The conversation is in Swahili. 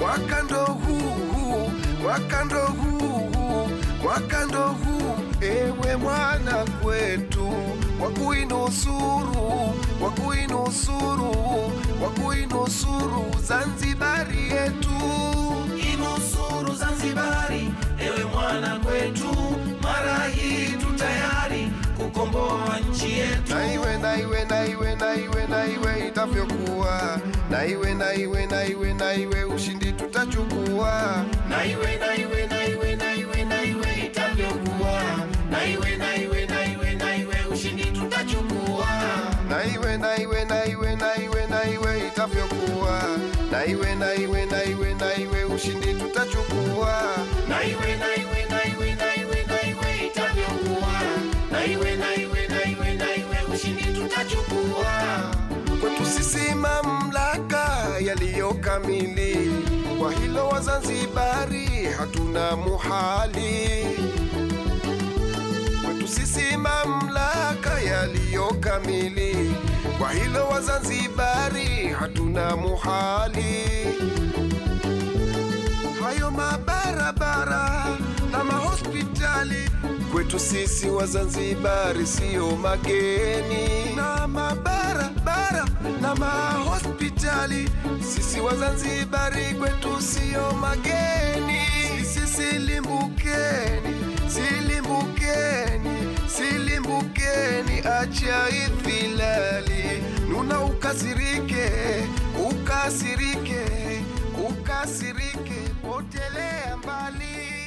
mwaka ndo huu, mwaka ndo huu, mwaka ndo huu, ewe mwana kwetu, wakuinusuru, wakuinusuru, wakuinusuru Zanzibari yetu, inusuru Zanzibari, ewe mwana kwetu, mara hii tu tayari kukomboa nchi yetu. na iwe na iwe na iwe na iwe ushindi tutachukua na iwe na iwe na iwe na iwe na iwe itavyokuwa na iwe na iwe na iwe na iwe ushindi tutachukua na iwe na iwe na iwe na iwe na iwe itavyokuwa na iwe na iwe na iwe na iwe ushindi tutachukua na iwe na iwe na iwe na iwe na iwe itavyokuwa na iwe na iwe na iwe na iwe ushindi tutachukua kamili. Kwa hilo Wazanzibari hatuna muhali, kwetu sisi mamlaka yaliyo kamili. Kwa hilo Wazanzibari hatuna muhali. Hayo mabarabara na mahospitali kwetu sisi Wazanzibari siyo mageni na mbali, sisi Wazanzibari kwetu sio mageni. Sisi silimbukeni, silimbukeni, silimbukeni, acha ifilali nuna ukasirike, ukasirike, ukasirike, potelea mbali.